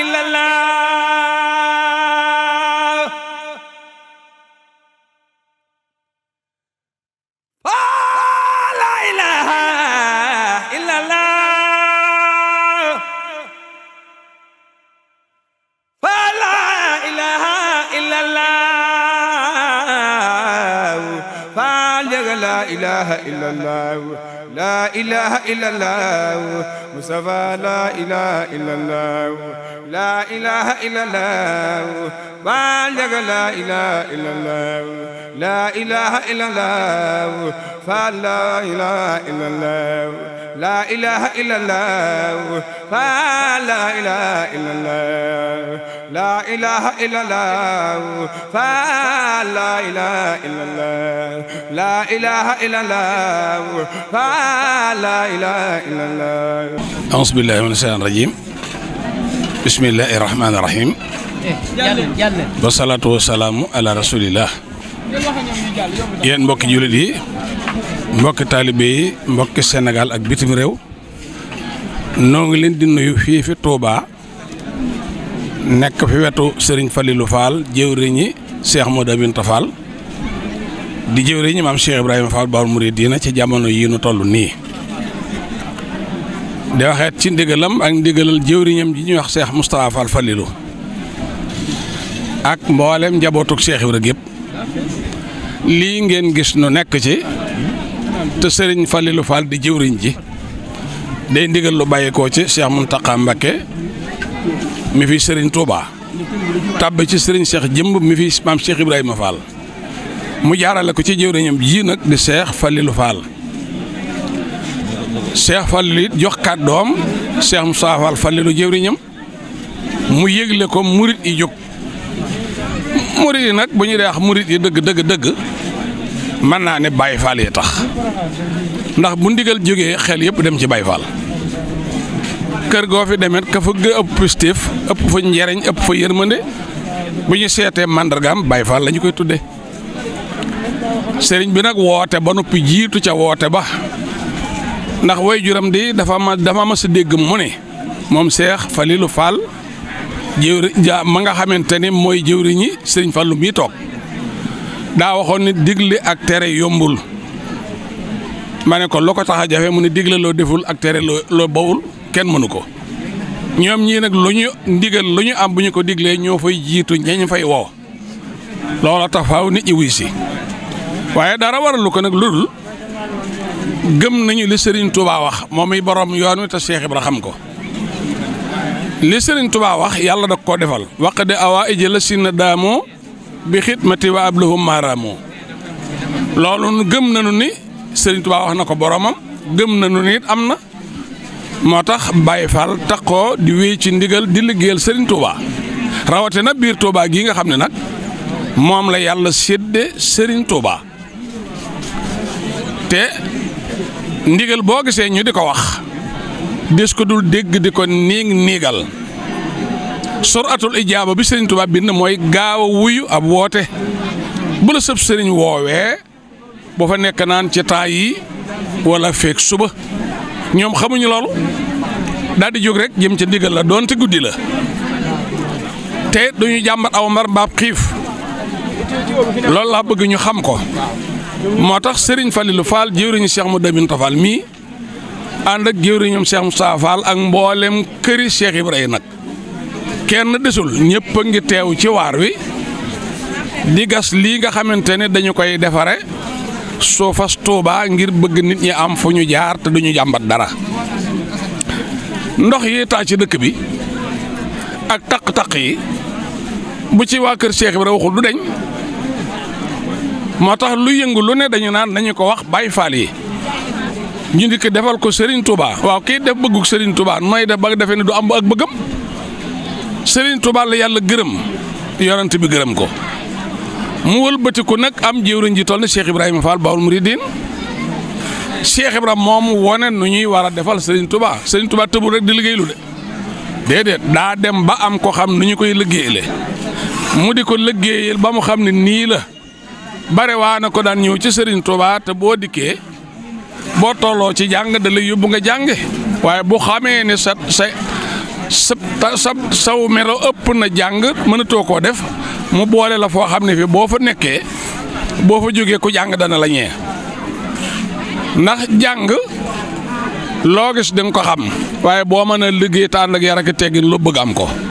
illallah لا إله إلا الله لا إله إلا الله مصطفى لا إله إلا الله لا إله إلا الله بالغ لا إله إلا الله لا إله إلا الله فلا إله إلا الله لا إله إلا الله فلا إله إلا الله لا إله إلا الله فلا لا إله إلا الله لا إله إلا wasalaamu ala rasulillah yéen mbokki jullit yi mbokki taalibe mbokki Sénégal ak bitim réew noo ngi leen di nuyu fii fi Touba nekk fi wetu Serigne Falilou Fall jëwriñi Cheikh Modou Aminta Fall di jëwriñ maam Cheikh Ibrahima Fall Baol na ci jamono yi nu toll nii di waxeet ci ndigalam ak ndigalal jëwriñam ji ñuy wax seex Moustapha Fall Falilou ak mboolem njabootug Cheikh Ibra gépp lii ngeen gis nu nekk ci te Serigne Falilou Fall di jëwriñ ji day ndigal lu bàyyeekoo ci Cheikh Mountakha Mbacké mi fi sëriñ Touba. tàbbi ci sëriñ Cheikh jëmb mi fi maam Cheikh Ibrahima Fall mu jaarale ko ci jëwriñam ji nag di Cheikh Falilou Fall Cheikh Falilou it jox kàddoom Cheikh Moussa Fall jëwriñam mu yëgle ko murit yi jóg murit yi nag bu ñu dee wax murit yi dëgg dëgg dëgg mën naa ne Baye Fall yi tax ndax bu ndigal jógee xel yëpp dem ci Baye Fall kër goo fi demet ka fa ëpp positif ëpp fa njariñ ëpp fa yërmande bu ñu seetee màndargaam bay Faal lañu koy tudde sëriñ bi nag woote ba noppi jiitu ca woote ba ndax woy juram di dafa ma dafa ma sa dégg mu ne moom Seex Falilu Faal jëwri ja ma nga xamante ni mooy jëwriñi sëriñ Fallu mii toog daa waxoon ni digle ak tere yombul ma ne ko loo ko tax a jafe mu ne digle loo deful ak tere loo loo bawul kenn mënu ko ñoom ñii nag lu ñu ndigal lu ñu am bu ñu ko diglee ñoo fay jiitu ñañ fay woo loola tax faaw nit ñi wuy si waaye dara waralu ko nag lu dul gëm nañu li Serigne Touba wax moom i borom yoon wi te Cheikh Ibra xam ko li Serigne Touba wax yàlla da koo defal wax de awaa ije la si daamoo bi xidmati wa ablahum maaraamoo loolu gëm nañu ni Serigne Touba wax na ko boromam gëm nañu ni am na. moo tax Baye Fall taxoo di wéy ci ndigal di liggéeyal Serigne Touba rawatina biir Touba gi nga xam ne nag moom la yàlla sédde sëriñ Touba te ndigal boo gisee ñu di ko wax des ko dul dégg di ko niig niigal suratul ijaaba bi Serigne Touba bind mooy gaaw a wuyu ab woote bu la sëb Serigne woowee bu fa nekk naan ci temps yi wala feeg suba. ñoom xamuñu loolu daal di jóg rek jëm ca ndigal la doonte guddi la te duñu jàmbat aw mar mbaab xiif loolu laa bëgg ñu xam ko moo tax sëriñ Falilou Fall jëwriñu Cheikh Mouhamadou Binta mii ànd ak jëwriñam Cheikh Moustapha Fall ak mboolem këri Cheikh Ibrahima nag kenn desul ñëpp ngi teew ci waar wi di gas lii nga xamante ne dañu koy defare soo fas ngir bëgg nit ñi am fu ñu jaar te duñu jàmbat dara ndox yi taa ci dëkk bi ak taq-taq yi bu ci waa kër Cheikh Ibra waxul du deñ moo tax lu yëngu lu ne dañu naan nañu ko wax Baay Faal yi ñu ndikk defal ko Serigne Touba waaw kii def bëgguk Serigne Touba nooy def ba defee ne du am ak bëggam Serigne Touba la yàlla gërëm yonent bi gërëm ko mu wëlbatiku nag am jëwriñ ji toll ne Cheikh Ibrahima Fall Baol Mouridine Cheikh Ibrahima moom wone nu ñuy war a defal Serigne Touba Serigne Touba tëbul rek di liggéey de déedéet daa dem ba am ko xam nu ñu koy liggéeyale mu di ko liggéeyal ba mu xam ne nii la bare waa na ko daan ñëw ci Serigne Touba te boo dikkee boo tolloo ci jàng da lay yóbbu nga jànge waaye bu xamee ne sa sa sa sa saw melo ëpp na jàng mënatoo koo def. mu boole la foo xam ne fi boo fa nekkee boo fa jógee ku jàng dana la ñee ndax jàng loo gis di nga ko xam waaye boo mën a liggéey tànn ak yar ak teggin loo bëgg am ko